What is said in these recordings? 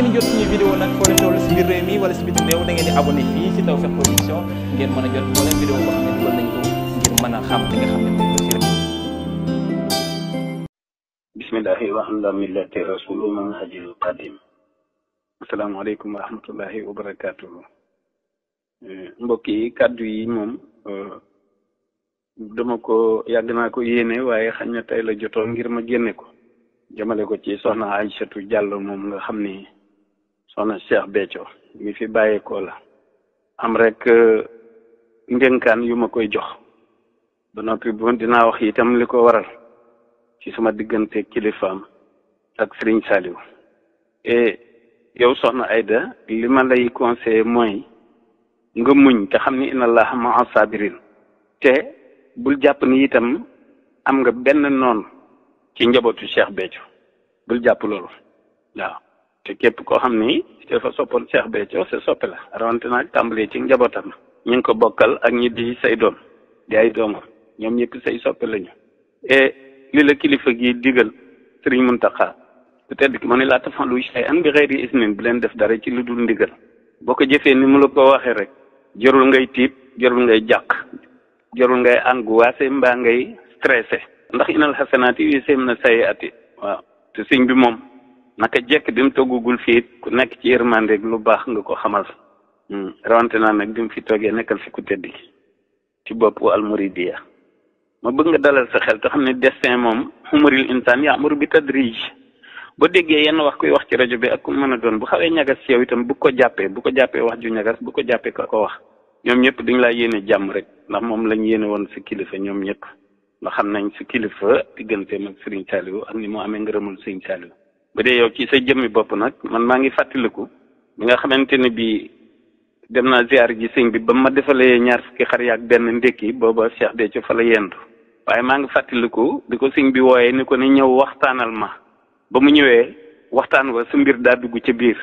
ngeen jot suñu vidéo nag foo leen toll si biir réew mi wala si biti la rek. bismillahi wa ala millati rasulu man hajil wa rahmatullahi wa barakatuhu mbokk yi kàddu yi moom dama ko yàgg naa ko waaye xañ na tey la jotoon ngir ma génne ko jëmale ko ci soxna Aïssatou Diallo moom nga xam soxna Cheikh Béthio mi fi bàyyeekoo la am rek euh, ndénkaan yu ma koy jox ba noppi bu dinaa wax itam li ko waral ci sama diggante kilifaam ak Serigne Saliou et yow soxna Aida li ma lay conseillé mooy nga muñ te xam ni inna allaha maa sabirin te bul jàpp ni itam am nga benn noon ci njabootu Cheikh Béthio bul jàpp loolu waaw te képp koo xam ni dafa soppoon Cheikh Béthio sa soppe la rawante nag tàmbalee ci njabootam ñu ngi ko bokkal ak ñi di say doom di ay dooma ñoom ñëpp say soppe lañu e li la kilifa gi digal Sëriñ Muntaxa su peut ki ma ne laa tafan luy say an bi xëyri isnin bu leen def dara ci lu dul ndigal boo ko jëfee ni mu la ko waxee rek jarul ngay tiit jarul ngay jàq jarul ngay angoissé mbaa ngay stressé ndax inal xasanaati yu seem na sayaati waaw te sëñ bi moom naka jekk bi mu toggugul fii ku nekk ci yërmande lu baax nga ko xamal hmm. rawante naa nag bi mu fi toogee nekkal fi ku tëdd ki ci boppu almuridiya ma bëgg nga dalal sa xel te xam ne destin moom humuril insaan yaamuru bi tadrij boo déggee yenn wax kuy wax ci rajo bi ak ku mën a doon bu xawee ñagas ci yow itam bu ko jàppee bu ko jàppee wax ju ñagas bu ko jàppee ka ko wax ñoom ñëpp dañ laa yéene jàmm rek ndax moom lañ yéene woon sa kilifa ñoom ñëpp ndax xam nañ sa kilifa digganteem ak Serigne Saliou ak ni mu amee ngërëmul Serigne Saliou ba dee yow ci sa jëmmi bopp nag man maa ngi fàttaliku bi nga xamante ne bii dem naa ziar ji sëñ bi ba ma defalee ñaar fukki xar yaak benn ndekki booba Cheikh Béthio fa la waaye maa ngi fàttaliku di ko sëñ bi wooyee ni ko ni ñëw waxtaanal ma ba mu ñëwee waxtaan wa su mbir daa dugg ca biir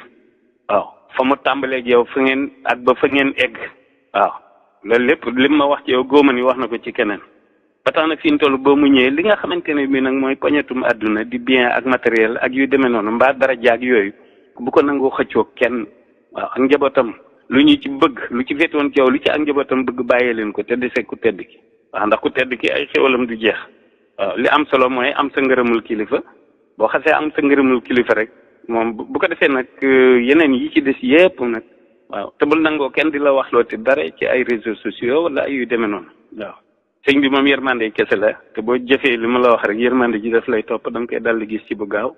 waaw fa mu tàmbaleeg fa ngeen ak ba fa ngeen egg waaw loolu lépp lim ma wax ci yow góoma ni wax na ko ci keneen ba tax na fi ñu toll boo mu ñëwee li nga xamante ne bii nag mooy poñetum àdduna di bien ak matériel ak yu demee noonu mbaa dara jaag yooyu bu ko nangoo xëccoo kenn waaw ak njabootam lu ñu ci bëgg lu ci féetoon ci lu ci ak njabootam bëgg bàyyee leen ko tedd se ku tedd ki waaw ndax ku tedd ki ay xéwalam du jeex waaw li am solo mooy am sa ngërëmul kilifa boo xasee am sa ngërëmul kilifa rek moom bu ko defee nag euh, yeneen yi ci des yépp nag waaw te bul nangoo kenn di la waxloo te dara ci ay réseaux sociaux wala ay demee noonu sëñ bi moom yërmande kese la te boo jëfee li ma la wax rek yërmande ji daf lay topp da nga koy dal gis ci bu gaaw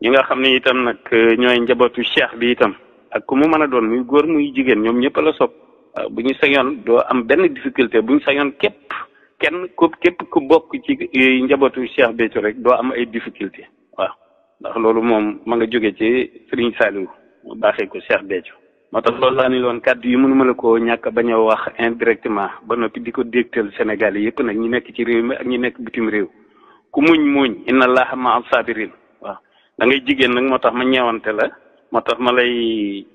ñi nga xam ne itam nag euh, ñooy njabootu cheikh bi itam ak ku mu mën a doon muy góor muy jigéen ñoom ñëpp la sopp euh, bu ñu sañoon doo am benn difficulté bu ñu képp kenn ku képp ku bokk ci euh, njabootu cheikh Béthio rek doo am ay difficulté waaw ndax loolu moom ma nga jóge ci Serigne Saliou mu baaxee ko cheikh Béthio moo tax loolu laa ni loon kàddu yi mënuma la koo ñàkk bañ a wax indirectement ba noppi di ko dégtal Sénégal yëpp nag ñi nekk ci réew mi ak ñi nekk bitim réew ku muñ muñ inna ma am sabirin waaw da ngay jigéen nag moo tax ma ñeewante la moo tax ma lay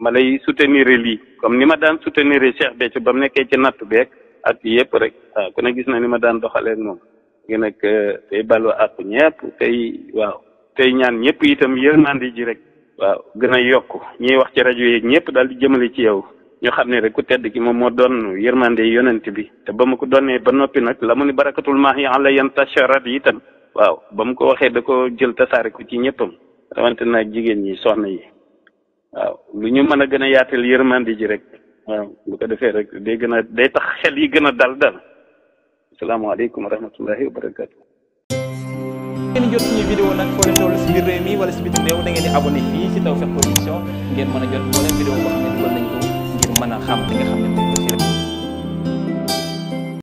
ma lay soutenir lii comme ni ma daan soutenir Cheikh Béthio ba mu nekkee ci natt beeg ak yëpp rek waaw ku ne gis na ni ma daan doxalee ak moom ngi nag tey ballu àqu ñëpp tey waaw tey ñaan ñëpp itam yërmande ji rek waaw gën a yokk ñuy wax ci rajo yeeg ñëpp daal di jëmale ci yow ñu xam ne rek ku tedd ki moom moo doon yërmande yonent bi te ba ma ko doonee ba noppi nag la mu ni barakatul maahi ala yan tasharat yi tam waaw ba mu ko waxee da ko jël tasaare ko ci ñëppam rawante naa jigéen ñi soxna yi waaw lu ñu mën a gën a yaatal yërmande ji rek waaw bu ko defee rek day gën a day tax xel yi gën a dal dal asalaamaaleykum wa rahmatullahi wa barakatu ngeen jot suñu vidéo nag foo leen toll si biir réew mi wala si bitim réew da ngeen di abonné fii si Tawfekh Production ngeen mën a jot moo leen xam nga xam